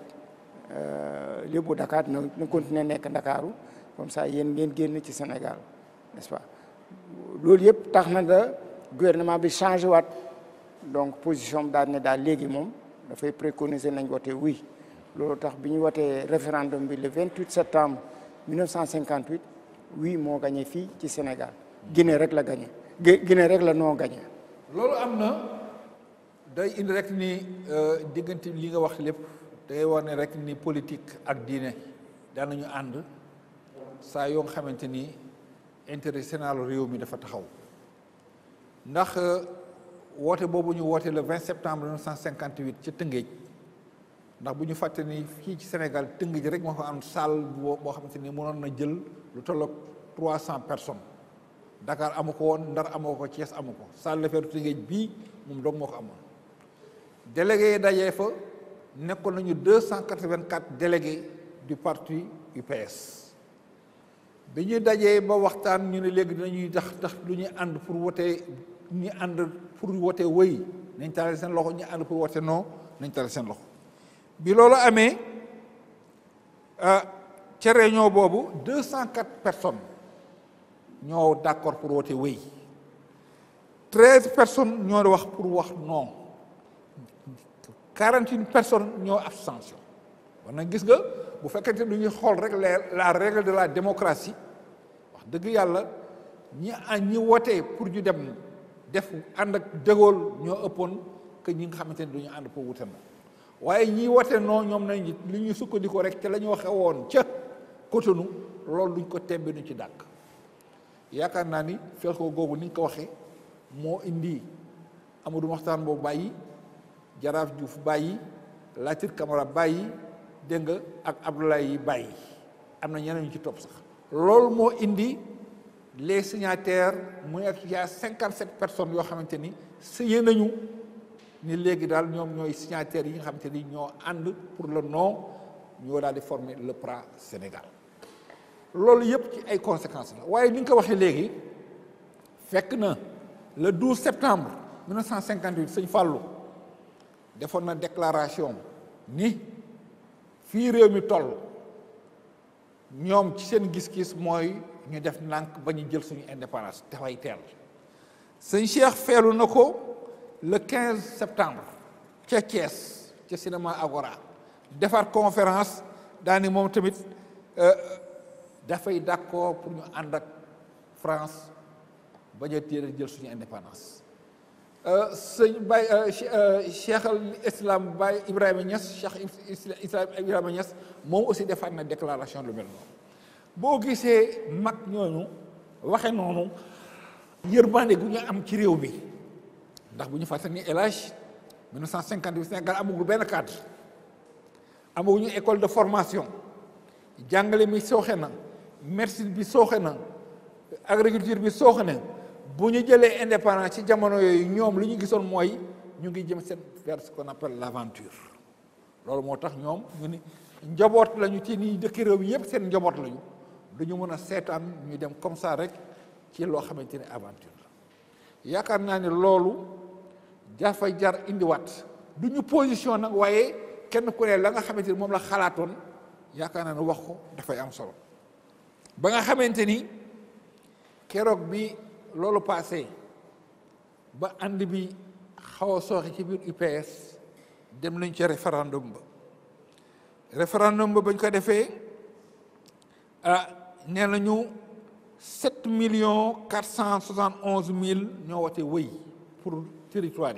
Dakar continuer comme ça yéen ngeen ci Sénégal n'est-ce pas loolu le gouvernement a changé la donc position est ne préconiser oui tax référendum le 28 septembre 1958 oui mon gagné fille ci Sénégal Guinée rek la gagné la gagné loolu am na day indi rek ni euh, diggante li nga wax lépp day war ne rek ni politique ak diine daanañu ànd saa yoo xamante ni intérêt général réew mi dafa taxaw ndax euh, woote boobu ñu woote le 20 septembre 1958 ci Tëngéej ndax bu ñu fàtte ni fii ci Sénégal Tëngéej rek moo fa am salle boo boo xamante ni mënoon na jël lu tolloog 300 personnes. Dakar amu ko woon Ndar amoo ko Thiès amu ko salle Lefebvre bii moom doog moo ko amoon délégué yi dajee fa nekkoon nañu deux cent quatre-vingt-quatre délégués du parti UPS bi ñuy dajee ba waxtaan ñu ne léegi dinañuy tax tax lu ñuy ànd pour wote ñu ànd pour wote wëy nañ taal seen loxo ñu ànd pour wote noo nañ taal seen loxo bi loolu amee euh, ca réunion boobu deux cent quatre personnes ñoo d'accord pour woote wéy treize personnes ñoo wax pour wax non quarante une personnes ñoo abstention war nag gis nga bu fekkente lu ñuy xool rek la règle de la démocratie wax dëgg yàlla ñi ñi wotee pour ñu dem def ànd ak De ñoo ëppoon que ñi nga xamante ne du ñu ànd pour wute na waaye ñi wote non ñoom nañ li ñuy sukkandikoo rek te la ñu waxe woon ca Cotonou loolu duñ ko tembe duñ ci dàkk yaakaar naa ni ni ko indi Amadou bàyyi Jaraaf bàyyi Camara bàyyi dégg ak Abdoulaye indi les signataires mu y a cinquante personnes yoo xamante ni signé nañu ni léegi daal ñoom ñooy pour le nom, ñoo former le PRA Sénégal loolu yëpp ci ay conséquences la waaye ni nga ko waxee léegi fekk na le 12 septembre 1958 sëñ Fallou defoon na déclaration ni fii réew mi toll ñoom ci seen gis-gis mooy ñu def ndànk ba ñu jël suñu indépendance dafay teel sëñ Cheikh Fallou na ko le 15 septembre ca Thiès ca cinéma Agora defar conférence daani moom tamit. Euh, dafay d'accord pour ñu ànd ak France bañ a téere jël suñu indépendance euh, sëñ Baye euh, euh, Cheikh al Islam Baye Ibrahima Niass Cheikh moom aussi defaat na déclaration lu mel noonu boo gisee mag ñooñu waxe noonu yërmande gu ñu am ci réew mi ndax bu ñu fàttali ni El Hadj 1958 Sénégal amagul benn cadre amaguñu école de formation jàngale mi sooxe na. médecine bi sooxe na agriculture bi sooxe na bu ñu jëlee indépendant ci jamono yooyu ñoom li ñu gisoon mooy ñu ngi jëm seen vers ce qu'on appelle l'aventure loolu moo tax ñoom ñu ni njaboot lañu ci ni dëkk réew yépp seen njaboot lañu duñu mën a seetaan ñu dem comme ça rek ci loo xamante ne aventure yaakaar naa ne loolu dafa jar indiwaat du ñu position nag waaye kenn ku ne la nga xamante ni moom la xalaatoon yaakaar naa ne wax ko dafay am solo Banga Kabintini, Kerokbi, l'Olopassé, Banga Ndibi, Khaosor, Kibir, IPS, demeure un référendum. Le référendum a été fait. Nous avons eu 7 471 000 Oui pour le territoire.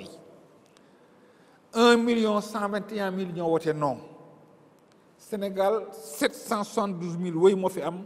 1 121 000 ans ont non. Sénégal, 772 000 Oui ont été non.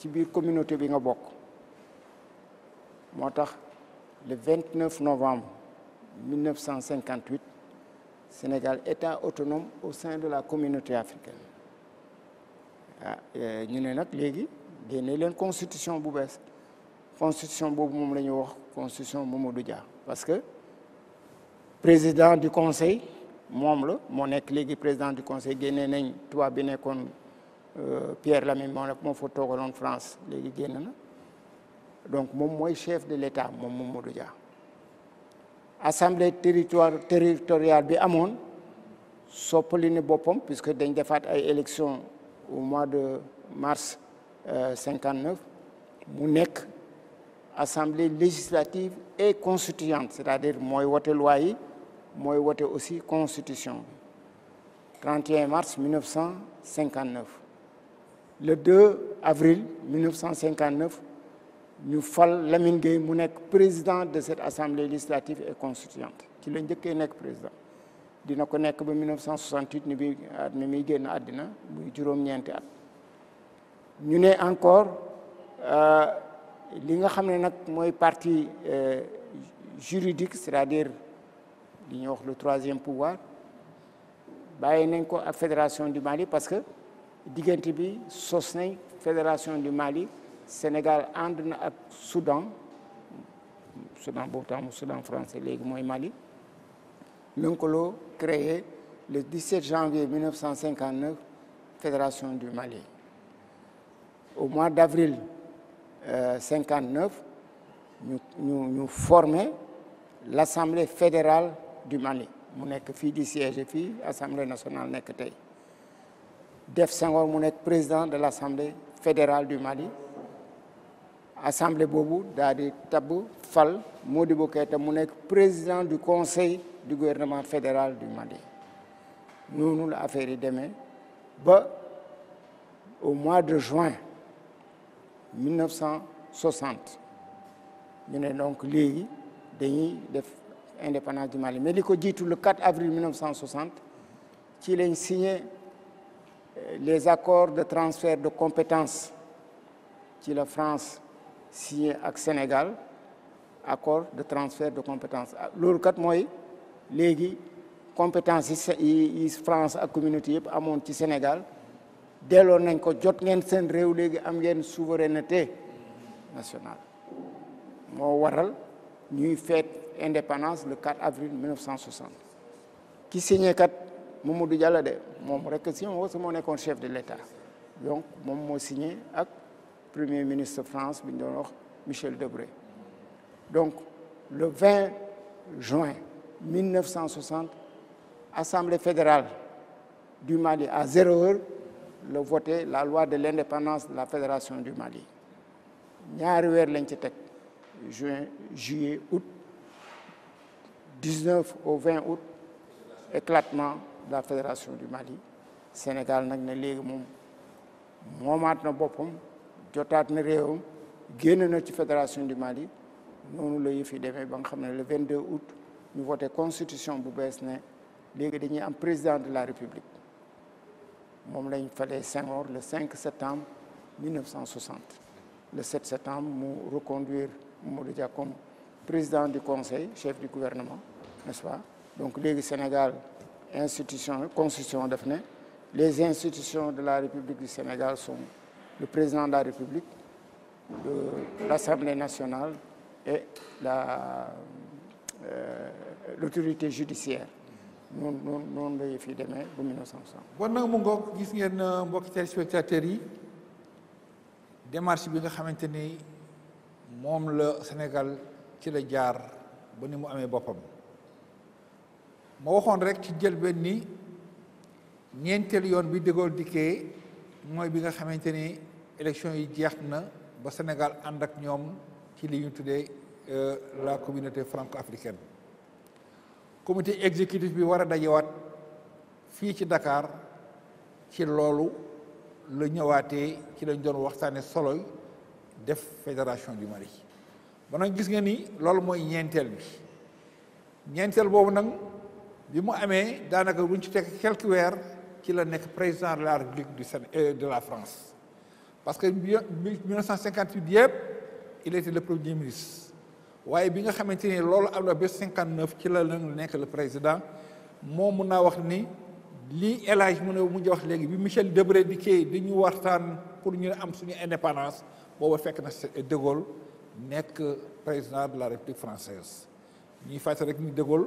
ci biir communauté bi nga bokk moo le 29 novembre 1958 Sénégal état autonome au sein de la communauté africaine ah euh, ñu ne nag léegi génne leen constitution bu bees constitution boobu moom la ñu wax constitution Mamadou Dia parce que président du conseil moom la moo nekk président du conseil génne nañ tubaab bi euh, Pierre Lamy, mon photographe photo France donc mon chef de l'État mon Mamadou assemblée territoire territoriale de Amon, Sopoline-Bopom, puisque y a eu élections au mois de mars 59 euh, mon assemblée législative et constituante c'est-à-dire moi voter loi moi, je aussi constitution 31 mars 1959 le 2 avril 1959 nous fal Lamine Gueye mu président de cette assemblée législative et constituante ci la njëkkee est président dina ko nekk ba 1968 ni bi at mi muy génn àddina muy Nous ñeenti ñu encore euh, li nga euh, juridique c'est-à-dire le troisième pouvoir bàyyi nañ ko fédération du Mali parce que diggante bi fédération du Mali Sénégal ànd Soudan Soudan boobu tam Soudan français légui moy Mali lënkaloo créé le 17 janvier 1959 fédération du Mali au mois d'avril euh, 59 ñu ñu l'assemblée fédérale du Mali mu nek ici di siège assemblée nationale nek tay def Senghor Mounek, président de l'Assemblée fédérale du Mali assemblée Bobou, Dadi Tabou, fal Modibo président du conseil du gouvernement fédéral du Mali Nous, nous affaire fait demain. au mois de juin 1960 nous sommes donc léegi de l'indépendance du Mali mais le 4 avril 1960 ci a signé. Euh, les accords de transfert de compétences que la France avec le Sénégal accord de transfert de compétences ah, loolu kat moi, c'est compétences France France la communauté France Sénégal dès lors ko jot une seen de souveraineté nationale Nous avons fait l'indépendance le 4 avril 1960 Qui signe kat Mamadou Moumoudou mon rek si woo chef de l'État donc mon suis signé le premier ministre de France Michel Debré donc le 20 juin 1960 l'Assemblée fédérale du Mali à 0 heure le voté la loi de l'indépendance de la fédération du Mali ñaari weer lañ ci juin juillet août 19 au 20 août éclatement la fédération du Mali Sénégal nak légui mom momat na na na fédération du Mali Nous avons fait le 22 août avons voté constitution bu bess né président de la république nous fallait 5 Senghor le 5 septembre 1960 le 7 septembre nous reconduire reconduit Dia comme président du conseil chef du gouvernement n'est-ce pas donc le Sénégal Institutions constitution def les institutions de la République du Sénégal sont le président de la République l'Assemblée nationale et la euh, l'autorité judiciaire Nous noonu noonu la yëf yi demee ba 1960. bon nag gis ngeen euh, mbokki téléspectateurs démarche bi nga xamante ni moom la Sénégal ci la jaar ba ni mu amee boppam. ma waxoon rek ci njëlbéen ni ñeenteelu yoon bi De dikkee mooy bi nga xamante ni élection yi jeex na ba Sénégal ànd ak ñoom ci li ñu tuddee euh, la communauté franco-africaine comité exécutif bi war a dajewaat fii ci Dakar ci loolu la ñëwaatee ci lañ doon waxtaane soloy def fédération du Mali ba nag gis nga ni loolu mooy ñeenteel bi ñeenteel boobu nag bi mu amee daanaka quelques ci président de la république euh, de la France parce que 1958 il était le premier ministre bi nga loolu 59 la le président moo mun wax ni de Michel Debré pour ñu indépendance na de président de la république française ñuy de Gaulle.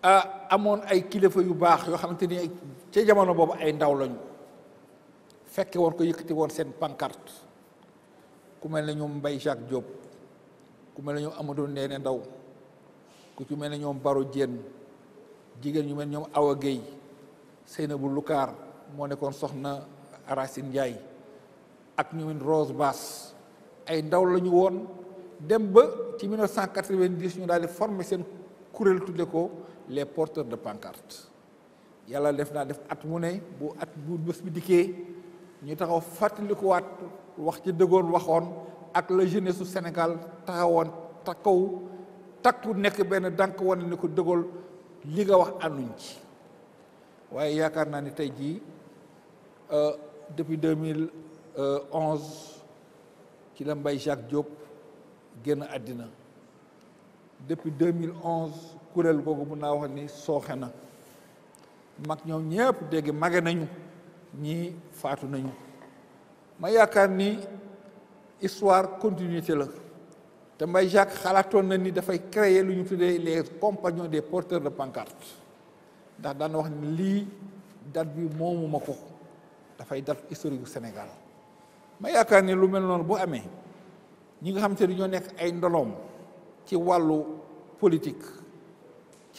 Ah, amoon ay kilifa yu baax yoo xamante ni ca jamono boobu ay ndaw lañu fekke woon ko yëkkati woon seen pancarte ku mel ne ñoom Mbaye Jacques Diop ku mel ne ñoom Amadou Ndéné Ndaw ku ci mel ne ñoom Baro Dieng jigéen ñu mel ñoom Awa Guèye Seynabou Lukaar moo nekkoon soxna Racine Ndiaye ak ñu mel Rose Bass ay ndaw lañu woon dem ba ci 1990 ñu daal di seen kuréel tudde ko les porteurs de pancartes Yalla def na def at mu ne bu at bu bés bi dikkee ñu taxaw wax ci dëggoon waxoon ak la jeunesse Sénégal taxawoon takkaw takku nekk benn dànk wane ko li depuis 2011, euh, la mbay Jacques Diop depuis 2011, kuréel boobu mun naa wax ni sooxe na mag ñoom ñëpp dégg mage nañu ñii faatu nañu ma yaakaar ni histoire continuité la te Mbaye Jacques xalaatoon na ni dafay créer lu ñu tuddee les compagnons des porteurs de pancarte ndax daan wax ni lii date bi moomu ma ko dafay date historique bu Sénégal ma yaakaar ni lu mel noonu bu amee ñi nga xam te ne ñoo nekk ay ndoloom ci wàllu politik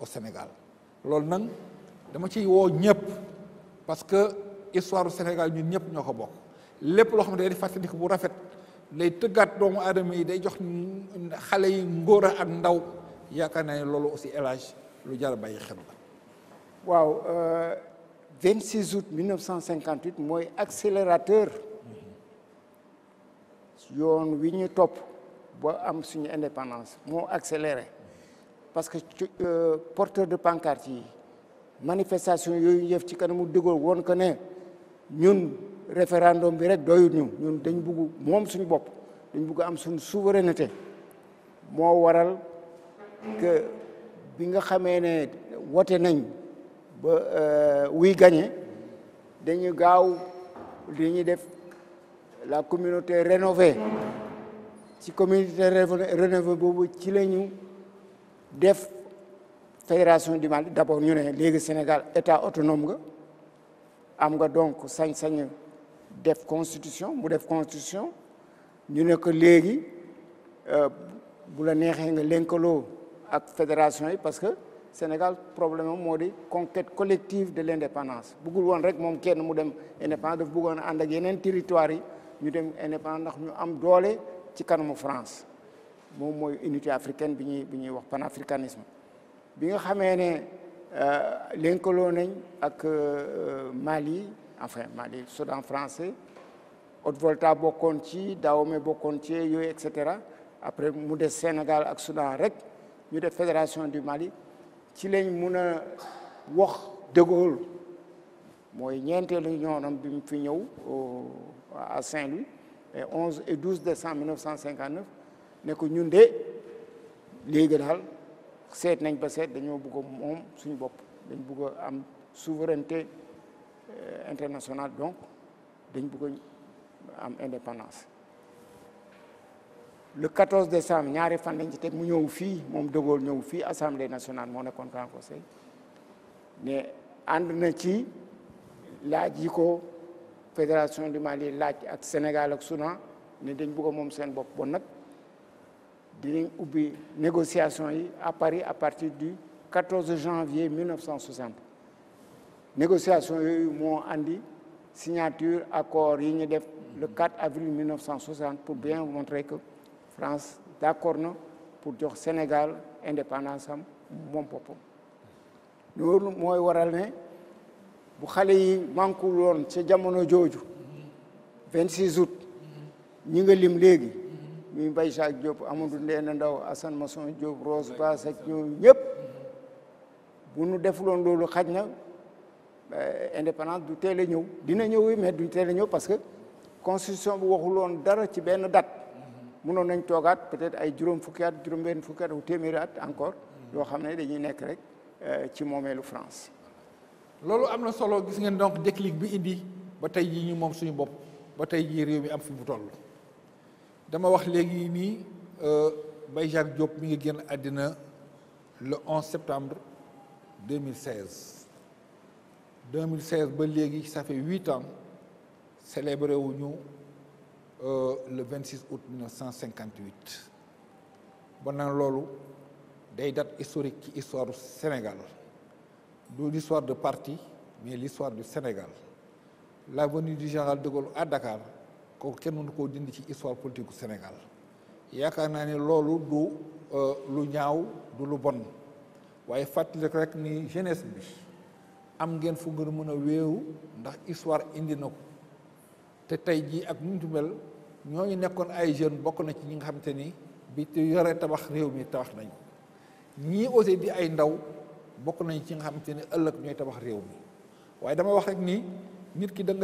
au Sénégal loolu nan dama ciy woo ñëpp parce que histoire du Sénégal ñun ñëpp ñoo ko bokk lépp loo xam ne day fàttaliku bu rafet lay tëggaat doomu aadama yi day jox xale yi ngóor ak ndaw yaakaar naa ne loolu aussi élage lu jar a bàyyi xel la. waaw 26 euh, août 1958 mooy accélérateur yoon wi ñu topp ba am suñu indépendance moo accéléré. parce que euh, porteur de pancarte yi manifestation yooyu yëf ci kanamu dëggoo won ko ne ñun référendum bi rek doyut ñu ñun dañ bugg mom suñu bop dañ bugg am suñu souveraineté mo waral que bi nga xamé né wote nañ ba euh wuy gagné dañu gaaw li def la communauté rénovée ci communauté rénovée bobu ci lañu def fédération du Mali d'abord abord ñu ne Sénégal état autonome nga am nga donc sañ-sañ def constitution mu def constitution ñu ne que euh bu la neexee nga lëkkaloo ak fédération yi parce que Sénégal problème modi conquête collective de l'indépendance. indépendance bëggul woon rek mom kenn mu dem indépendance daf bëggone and ak yenen territoire yi ñu dem indépendance ndax ñu am doole ci kanamu France moom mooy unité africaine bi ñuy wax panafricanisme bi nga xamé né euh, lëkkaloo nañ ak euh, Mali enfin Mali Soudan français Haute-Volta bokon ci Dahomey bokon ci yo et cetera après mu des Sénégal ak Soudan rek ñu def fédération du Mali ci lañ mëna a wax De Gaulle moy ñeenteelu ñonam bi mu fi ñëw à Saint-Louis le 11 et 12 décembre 1959 ne ko ñun de léegi daal seet nañ ba seet dañoo bëgg a moom suñu bopp dañ bëgg a am souveraineté euh, international donc dañ bëgg a am indépendance le 14 décembre ñaari fan lañ ci teg mu ñëw fii moom de ñëw fii assemblée nationale moo nekkoon Grand Conseil ne ànd na ci laaj yi ko fédération du Mali laaj ak Sénégal ak Soudan ne dañ bëgg a moom seen bopp bon nag ou ubbi négociation yi à Paris à partir du 14 janvier 1960 négociation a eu andi signature accord yi le 4 avril 1960 pour bien montrer que France d'accord na pour jox Sénégal indépendance am moom Nous loolu mooy waral bu xalé yi 26 août ñi nga lim légui ñuy Mbaye Jacques Diop Amadou Ndeena Ndaw Assane mason Diop Rose Bass ak ñoom ñëpp bu nu defuloon loolu xaj na eh, indépendance du teel a ñëw dina ñëw mais du teel ñëw parce que constitution bi loon dara ci benn date mënoon nañ toogaat peut ay juróom fukki at juróom benn fukki at ou téeméeri at encore yoo xam ne dañuy nekk rek eh, ci moomeelu France. loolu am na solo gis ngeen donc déclic bi indi ba tey jii ñu moom suñu bopp ba tey jii réew mi am fi bu toll. dama wax euh, Jacques mi le 11 septembre 2016 2016 ça fait 8 ans célébré wu euh, le 26 août 1958 Bon une date historique histoire du Sénégal l'histoire de parti mais l'histoire du Sénégal l'avenue du général de Gaulle à Dakar kooku kenn mënu koo dindi ci histoire politique gu Sénégal yaakaar naa ne loolu du euh, lu ñaaw du lu bon waaye fàttali rek ni jeunesse bi am ngeen fu ngeen mën a wéewu ndax histoire indi na ko te tey jii ak nu mu ñoo ñooñu nekkoon ay jeunes bokk na ci ñi nga xamante ni bi te yore tabax réew mi tabax nañ ñii aussi di ay ndaw bokk nañ ci nga xamante ni ëllëg ñooy tabax réew mi waaye dama wax rek ni nit ki da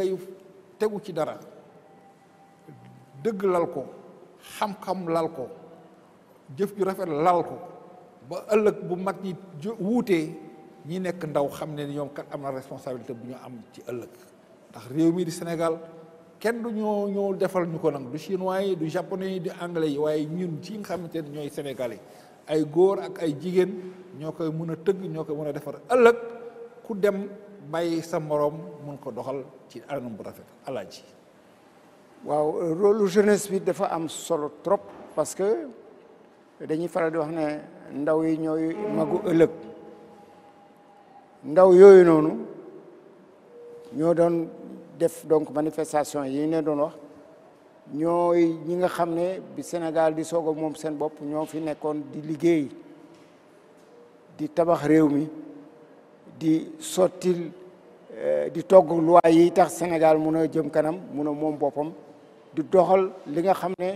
tegu ci dara. dëgg lal ko xam-xam lal ko jëf ju rafet lal ko ba ëllëg bu mag ñi wuutee ñi nekk ndaw xam ne ni ñoom kat am na responsabilité bu ñu am ci ëllëg ndax réew mi di Sénégal kenn du ñoo ñoo defal ñu ko nag du chinois yi du japonais yi du anglais yi waaye ñun ci nga xamante ne ñooy sénégalais ay góor ak ay jigéen ñoo koy mën a tëgg ñoo koy mën a defar ëllëg ku dem bàyyi sa moroom mun ko doxal ci anam bu rafet alaaji waaw rôle jeunesse bi dafa am solo trop parce que dañuy faral di wax ne ndaw yi ñoy magu ëlëk ndaw yooyu nonu ñoo don def donc manifestation yi ne doon wax ñoy ñi nga xamné bi Sénégal di sogo mom sen bop bopp ñoo fi nekkoon di liggéey di tabax réew mi di sottil eh, di togg loi yi tax Sénégal mëna jëm kanam mëna mom bopam di doxal li nga xam ne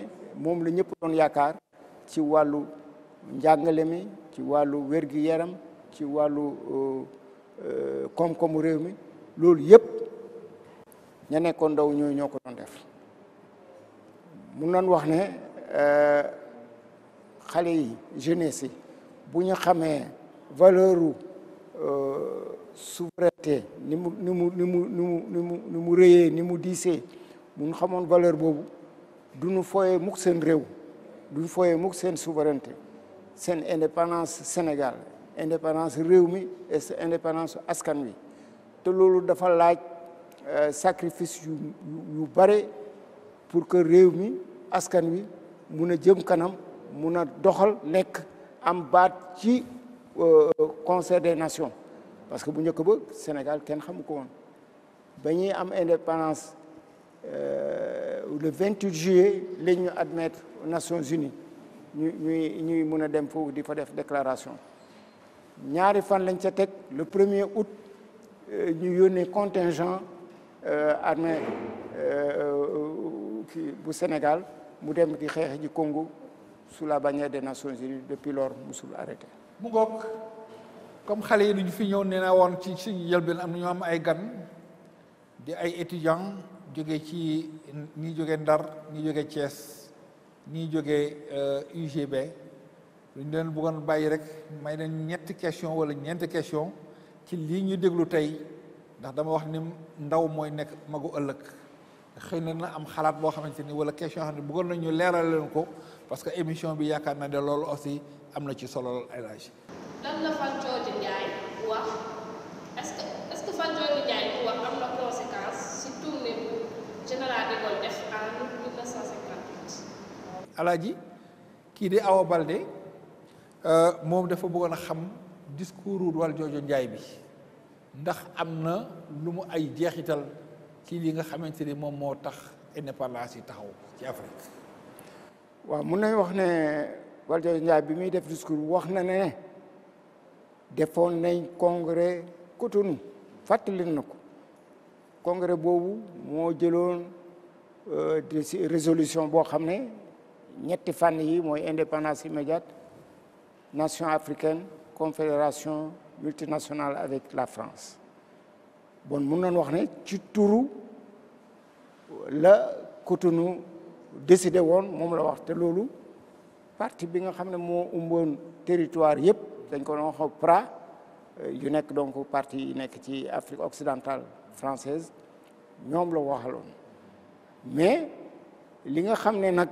moom la ñëpp doon yaakaar ci wàllu njàngale mi ci wàllu wér yaram ci wàllu euh, euh, koom-koomu réew mi loolu yëpp ña nekkoon ndaw ñooyu ñoo ko doon def mun nañ wax ne euh, xale yi jeunesse yi bu ñu xamee valeur u souveraineté ni mu ni mu ni mu ni mu ni mu ni mu rëyee ni mu diisee Nous avons une valeur boobu du ñu nous mukk seen réew souveraineté indépendance Sénégal indépendance réunion mi et indépendance askan wi te loolu dafa laaj euh, sacrifice pour que réew mi askan wi kanam euh, conseil des nations parce que bu njëkk Sénégal am indépendance euh, le 28 juillet les admettre aux Nations Unies ñu ñuy ñuy mun a dem foofu di fa def déclaration ñaari fan er ca nous le un août euh, ñu contingent euh, armée bu Sénégal mu dem di xeex du Congo sous la bannière des Nations Unies depuis lors musul arrêté. mu comme les enfants duñu fi ñëw nee naa woon ci si njëlbeen am de ñu am étudiants. jóge ci ñi jóge Ndar ñi jóge cees ñi jóge UGB euh, lu ñu leen bëggoon bàyyi rek may leen ñetti question wala ñeenti question ci lii ñu déglu tey ndax dama wax ni ndaw mooy nekk magu ëllëg xëy na am xalaat boo xamante ni wala question yoo xam ne bëggoon nañu leeral leen ko parce que émission bi yaakaar naa ne loolu aussi am na ci solo El alaaji kii de Awa Balde euh, moom dafa bëggoon a xam discours Valdiodio njaay bi ndax am na lu mu ay jeexital ci li nga xamante ni moom moo tax indépendance yi taxaw ci Afrique. waaw mun nañu wax ne Valdiodio Ndiaye bi muy def discours wax na ne defoon nañ congrès Cotonou fàttali na ko congrès boobu moo jëloon euh, résolution boo xam ne. ñetti fànn yi mooy indépendance immédiate nation africaine confédération multinationale avec la France bon mun nañu wax ne ci turu la Cotonou décidé woon moom la wax te loolu parti bi nga xam ne moo umboon territoire yépp dañ ko doon wax PRA euh, yu nekk donc parti yi nekk ci Afrique occidentale française ñoom la waxaloon mais li nga xam ne nag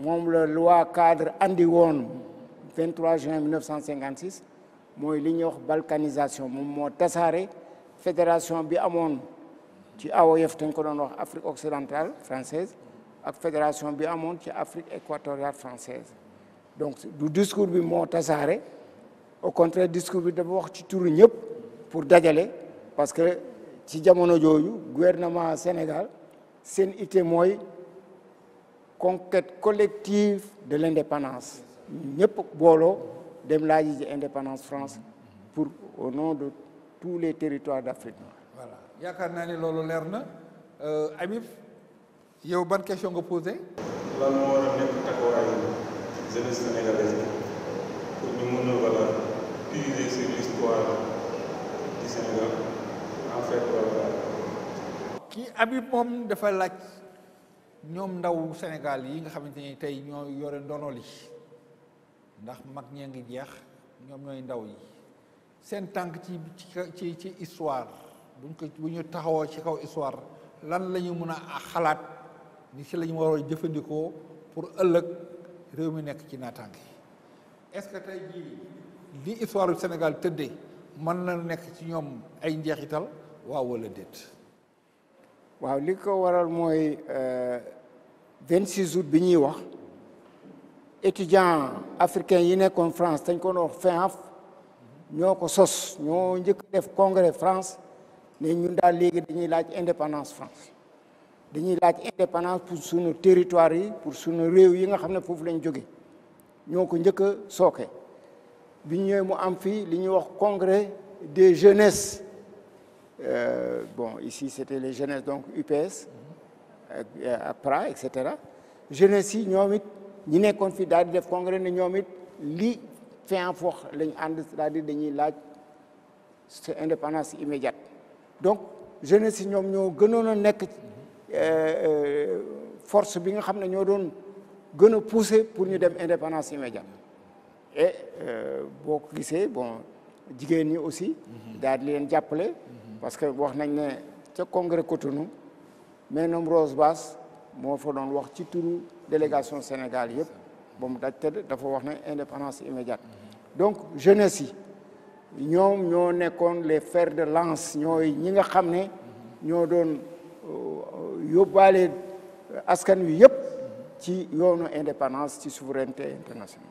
mom la loi cadre andi 23 juin 1956 moy li ñuy wax balkanisation mom mo fédération bi qui ci AOF ko Afrique occidentale française ak fédération bi qui ci Afrique équatoriale française donc du discours bi mo tassaré au contraire discours bi da wax ci tour ñep pour dégaler, parce que ci jamono le gouvernement Sénégal sen ité moy conquête collective de l'indépendance ñëpp booloo dem laaji de indépendance France pour au nom de tous les territoires d'Afrique voilà yaakaar naa ni loolu leer na euh, Habib yow ban question nga poser. lan moo war a nekk C'est le Sénégalais. bi pour nous mën a voilà sur l'histoire du Sénégal en fait voilà kii Habib moom dafa laaj ñoom ndaw Sénégal yi nga xamante ni tey ñoo yore ndono li ndax mag ñee ngi jeex ñoom ñooy ndaw yi seen tànk ci ci ci histoire buñ ko bu ñu taxawoo ci kaw histoire lan la ñu mën a xalaat ni ci la ñu waroo jëfandikoo pour ëllëg réew mi nekk ci naataange est-ce que tey jii li histoire du Sénégal tëddee mën na nekk ci ñoom ay njeexital waaw wala déet. waaw li ko waral mooy 26 euh, août bi ñuy wax étudiants africains yi nekkoon France dañ ko doon fin af ñoo ko sos ñoo njëkk def congrès France ne ñun daal léegi dañuy laaj indépendance France dañuy laaj indépendance pour suñu territoire yi pour suñu réew yi nga xam ne foofu lañ jóge ñoo ko njëkk a sooke bi ñëwee mu am fii li ñuy wax congrès des jeunesse euh, bon, ici, c'était les jeunesses, donc UPS, euh, APRA, etc. cetera. jeunesse nous, ñi nous congrès nous li cest à dañuy indépendance immédiate donc jeunesse a euh, force bi nga ñoo doon pour ñu dem indépendance immédiate et euh bon jigéen ñi aussi mhm. daal di leen parce que wax nañ congrès Cotonou nombreuses Rose Bass mo fa doon wax ci délégation Sénégal yépp daj ne indépendance immédiate donc jeunesse les fers de lance Nous ñi nga nous ñoo doon euh, askan indépendance ci souveraineté internationale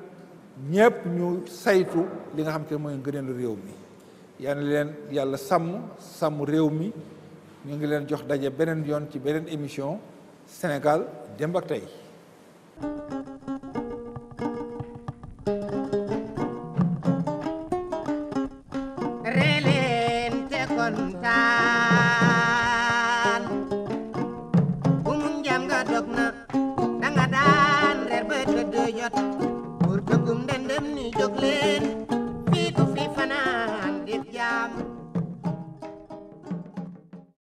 ñëpp ñu saytu li nga xam te mooy ngëneelu réew mi yal na leen yàlla sàmm sàmm réew mi ñu ngi leen jox daje beneen yoon ci beneen émission Sénégal démb ak tey